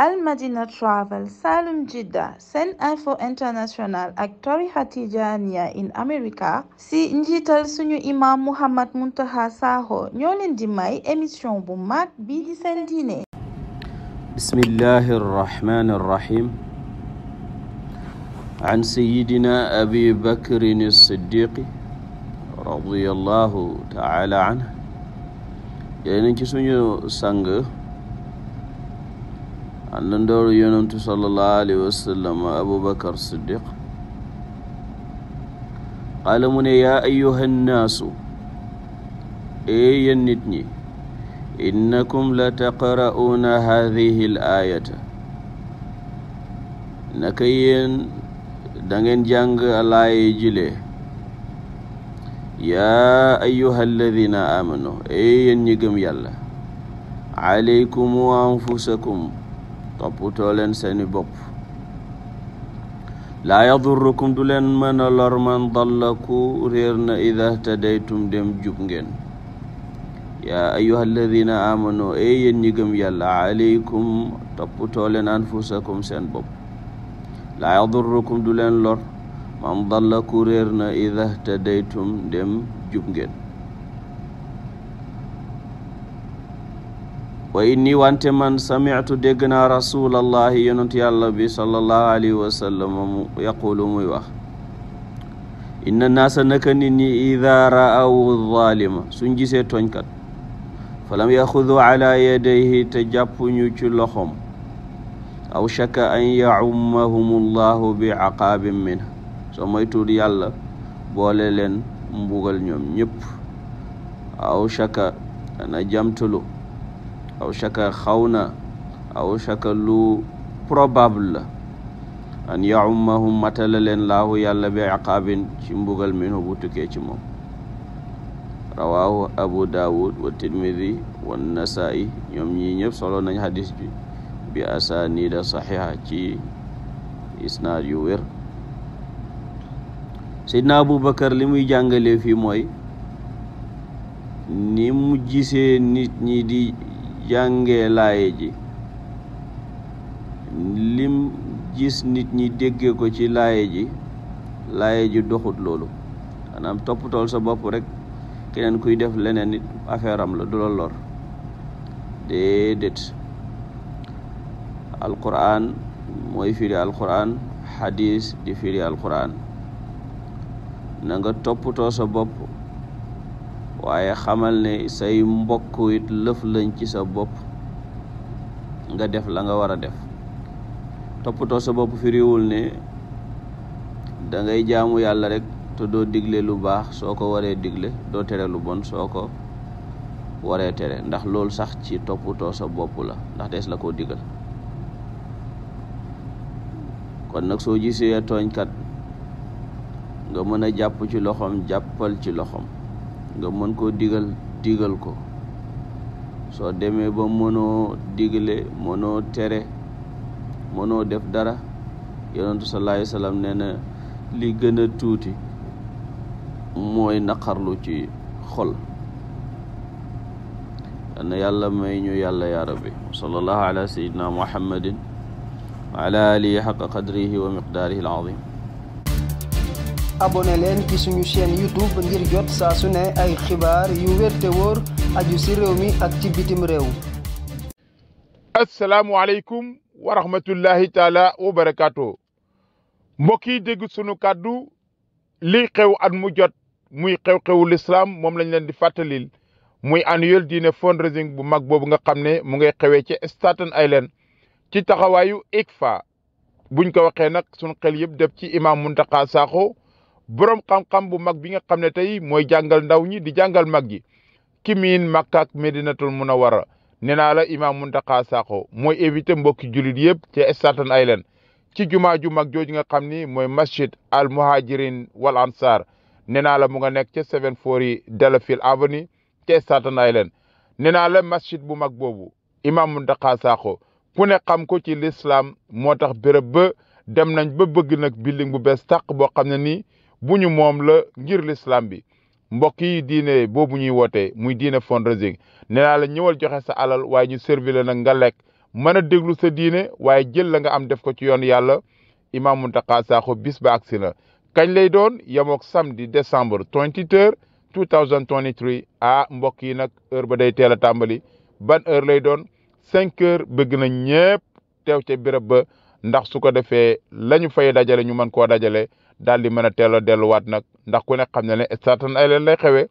al madina travel salum jidda sen info international ak tarixa tijaniya in america si njiital suñu imam Mouhammad Muntaqa Sakho ñoo leen di bu mag bii di seen diine bismillahi arrahmani arrahim an abi bakrin as-siddiqi àndandooru yonentu sallallahu alayhi wa sallam abubakar siddiq qaala mu ne yaa ayuha nnaasu ee yéen nit ñi innakum la taqra'uuna haadihi l aayata naka yéen da ngeen jàng laaye jile yaa ayuha alladina aamanu ee yéen ñi gëm yàlla alaykum anfusakum toppatoo leen seeni bopp laa yadurrukum du leen mën a lor man dalla ku réer na ida htadaytum dem jub ngeen yaa ayuha alladina amano e yéen ñi gëm yàlla aleykum toppatoo leen anfusakum seen bopp laa yadurrukum du leen lor man dalla ku réer na ida htadaytum dem jub ngeen wa inni wante man sami'tu dégg naa rasulallahi yonent yàlla bi sallallahu alayhi wa sallam mu yaqulu muy wax inna naasa naka nit ñi ida raawu zaalima suñ gisee tooñkat falam yaxudu ala yadayhi te jàppuñu ci loxom aw shakka an yacummahum llahu bi aqaabin min soo moytuwul yàlla boole leen mbugal ñoom ñëpp aw shakka dana jamtulu aw shaka xaw na aw shaka lu probable la an yaumahum matala leen laahu yàlla bi aqaabin ci mbugal minhu bu ci moom rawaahu abu daawud wa tirmidi wa nasaa'i ñoom ñii solo nañ hadis bi asanida saxiha ci isnaad yu wér seydna abubakar li muy jàngale fii mooy ni mu gisee nit ñi di jàngee laaye ji lim gis nit ñi déggee ko ci laaye ji laaye ji doxut loolu maanaam toppatool sa bopp rek keneen kuy def leneen nit affaire am la du la lor déedéet alquran mooy firi alquran xadis di firi alquran na nga toppatoo sa bopp waaye xamal ne say mbokk it lëf lañ ci sa bopp nga def la nga war a def toppatoo sa bopp firiwul ne da ngay jaamu yàlla rek te doo digle lu baax soo ko waree digle doo tere lu bon soo ko waree tere ndax loolu sax ci toppatoo sa bopp la ndax dees la koo digal kon nag soo gisee tooñkat nga mën a jàpp ci loxoom jàppal ci loxoom nga mën koo digal digal ko soo demee ba mënoo digle mënoo tere mënoo def dara yonentu sallallahu alayhi wa sallam nee na li gën a tuuti mooy naqarlu ci xol na yàlla may ñu yàlla yaa rabbi sallallahu ala sayyidina muhammadin wa ala alihi xaqa qadrihi wa miqdaarihi al azim abonné leen ci xibaar yu wér te taala wa barakaatu. mbokk yi dégg sunu kàddu li xew at mu jot muy xew-xewu moom lañ leen di fàttalil muy annuel dîner fundraising bu mag boobu nga xam ne mu ngay xewee ci Staten Island ci taxawaayu ICFA buñ ko waxee nag sunu xel yëpp def ci imaam Muntaqa saako borom xam-xam bu mag bi nga xam ne tey mooy jàngal ndaw ñi di jàngal mag gi ki miin Makka ak Medinatul Munawwara nee naa la imaam Muntaqa Sakho mooy éviter mbokki jullit yëpp ca Staten Island ci jumaa ju mag jooju nga xam ni mooy masjid al muhajirin wal ansar nee naa la mu nga nekk ca 740 Delafield Avenue ca Staten Island nee naa la masjid bu mag boobu imaam Muntaqa Sakho ku ne xam ko ci lislaam moo tax béréb ba dem nañ ba bëgg nag building bu bees tàq boo xam ne nii bu ñu moom la ngir l'islam bi mbokk yi diine boobu ñuy wootee muy diine fundraising nee naa la ñëwal joxe sa alal waaye ñu servi nag nga lekk mën a déglu sa diine waaye jël la nga am def ko ci yoon yàlla Imam Mountakha Sakho bis ba si na kañ lay doon yemook samedi décembre 23 2023 ah mbokk yi nag heure ba day teel a tàmbali ban heure lay doon cinq heures bëgg na ñëpp teew ca béréb ba ndax su ko defee la ñu fay dajale ñu mën koo dajale daal di mën a teel a delluwaat nag ndax ku ne xam na ne satan ay leen lay xewee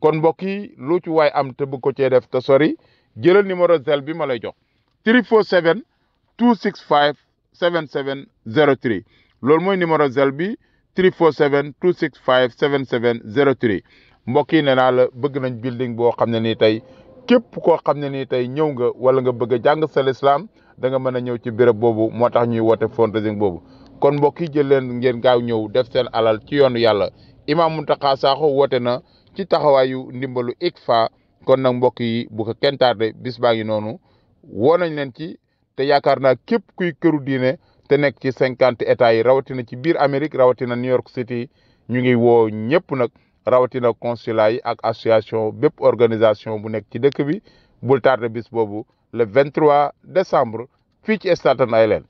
kon mbokk yi lu ci waay am te bu ko cee def te sori jëlal numéro zel bi ma lay jox 347 265 7703 loolu mooy numéro zel bi 347 265 7703 mbokk yi nee naa la bëgg nañ building boo xam ne nii tey képp koo xam ne nii tey ñëw nga wala nga bëgg a jàng sa lislaam da nga mën a ñëw ci béréb boobu moo tax ñuy woote fundraising boobu kon mbokk yi jël leen ngeen gaaw ñëw def seen alal ci yoonu yàlla Imam Mountakha Sakho woote na ci taxawaayu ndimbalu ICFA kon nag mbokk yi bu ko kenn tardé bis baa ngi noonu woo nañ leen ci te yaakaar naa képp kuy këru diine te nekk ci cinquante états yi rawatina ci biir Amérique rawatina New York City ñu ngi woo ñëpp nag rawatina consulat yi ak association bépp organisation bu nekk ci dëkk bi bul tardé bis boobu le 23 décembre fii ci Staten Island